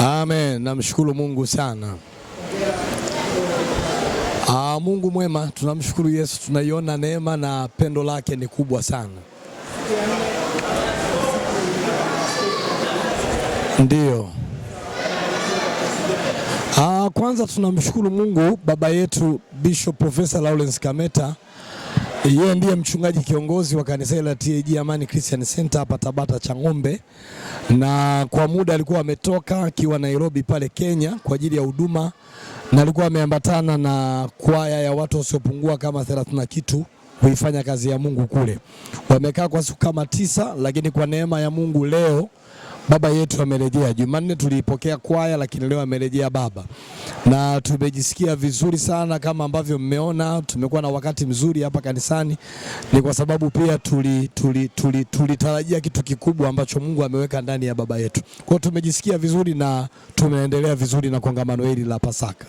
Amen, namshukuru Mungu sana. Aa, ah, Mungu mwema, tunamshukuru Yesu, tunaiona neema na pendo lake ni kubwa sana. Ndiyo. Aa, ah, kwanza tunamshukuru Mungu baba yetu Bishop Profesa Lawrence Kameta yeye ndiye mchungaji kiongozi wa kanisa la TAG Amani Christian Center hapa Tabata Chang'ombe, na kwa muda alikuwa ametoka akiwa Nairobi pale Kenya kwa ajili ya huduma, na alikuwa ameambatana na kwaya ya watu wasiopungua kama 30 kitu kuifanya kazi ya Mungu kule. Wamekaa kwa siku kama tisa, lakini kwa neema ya Mungu leo baba yetu amerejea. Jumanne tuliipokea kwaya, lakini leo amerejea baba, na tumejisikia vizuri sana. Kama ambavyo mmeona, tumekuwa na wakati mzuri hapa kanisani, ni kwa sababu pia tulitarajia tuli, tuli, tuli kitu kikubwa ambacho Mungu ameweka ndani ya baba yetu. Kwa hiyo tumejisikia vizuri na tumeendelea vizuri na kongamano hili la Pasaka.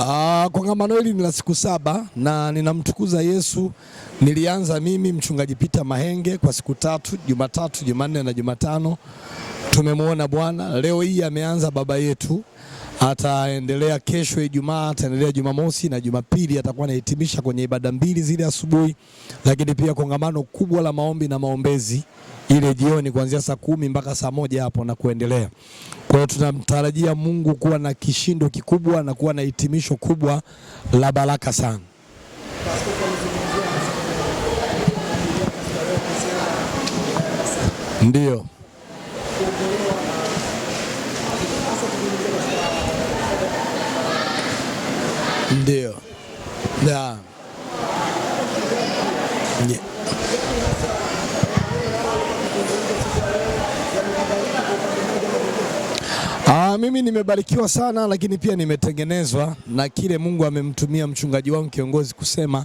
Ah, kongamano hili ni la siku saba na ninamtukuza Yesu. Nilianza mimi mchungaji Peter Mahenge kwa siku tatu, Jumatatu, Jumanne na Jumatano. Tumemwona Bwana. Leo hii ameanza baba yetu ataendelea kesho Ijumaa, ataendelea Jumamosi na Jumapili, atakuwa anahitimisha kwenye ibada mbili zile asubuhi, lakini pia kongamano kubwa la maombi na maombezi ile jioni kuanzia saa kumi mpaka saa moja hapo na kuendelea. Kwa hiyo tunamtarajia Mungu kuwa na kishindo kikubwa na kuwa na hitimisho kubwa la baraka sana. Ndiyo. Ndio. Naam. Aa, ah, mimi nimebarikiwa sana lakini pia nimetengenezwa na kile Mungu amemtumia mchungaji wangu kiongozi kusema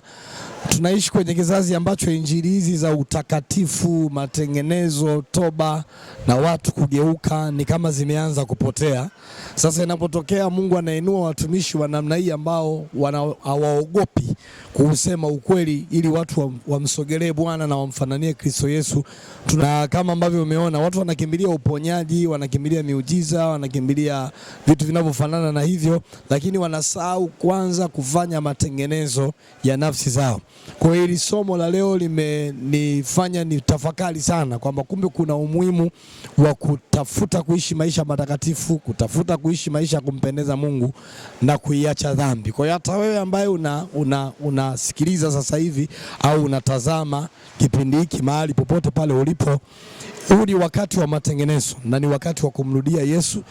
tunaishi kwenye kizazi ambacho injili hizi za utakatifu, matengenezo, toba na watu kugeuka ni kama zimeanza kupotea. Sasa inapotokea Mungu anainua watumishi wa namna hii ambao hawaogopi kusema ukweli ili watu wamsogelee Bwana na wamfananie Kristo Yesu. tuna kama ambavyo umeona watu wanakimbilia uponyaji, wanakimbilia miujiza, wanakimbilia wanafikiria vitu vinavyofanana na hivyo, lakini wanasahau kwanza kufanya matengenezo ya nafsi zao. Kwa hiyo hili somo la leo limenifanya nitafakari sana kwamba kumbe kuna umuhimu wa kutafuta kuishi maisha matakatifu, kutafuta kuishi maisha ya kumpendeza Mungu na kuiacha dhambi. Kwa hiyo hata wewe ambaye unasikiliza una, una sasa hivi au unatazama kipindi hiki mahali popote pale ulipo, huu ni wakati wa matengenezo na ni wakati wa kumrudia Yesu.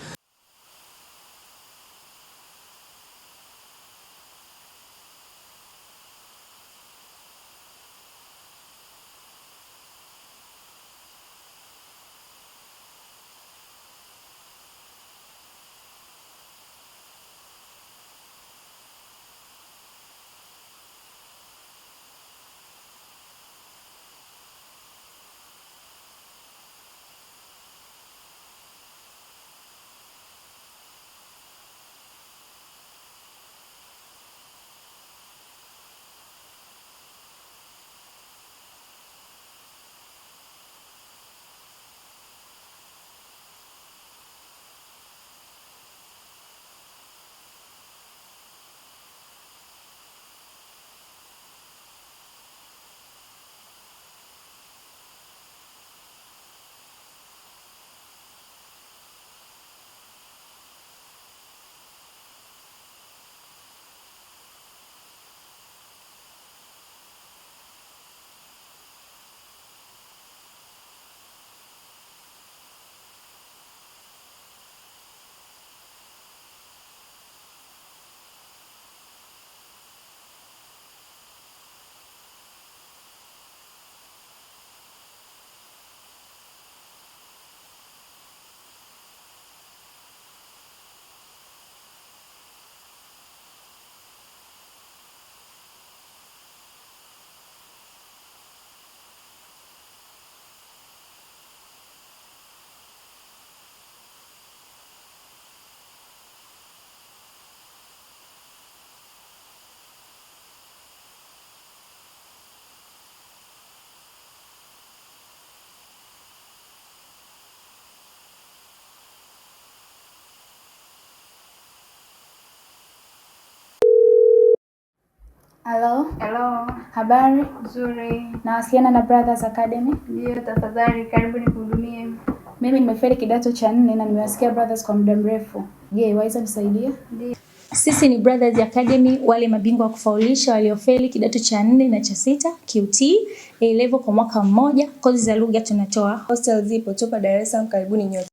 Hello. Hello. Habari? Nzuri. Nawasiliana na Brothers Academy? Ndio, tafadhali karibu nikuhudumie. Mimi nimefeli kidato cha nne na nimewasikia Brothers kwa muda mrefu. Je, waweza nisaidia? Ndio. Sisi ni Brothers Academy, wale mabingwa wa kufaulisha waliofeli kidato cha nne na cha sita QT A level kwa mwaka mmoja. Kozi za lugha tunatoa. Hostel zipo, tupo Dar es Salaam, karibuni nyote.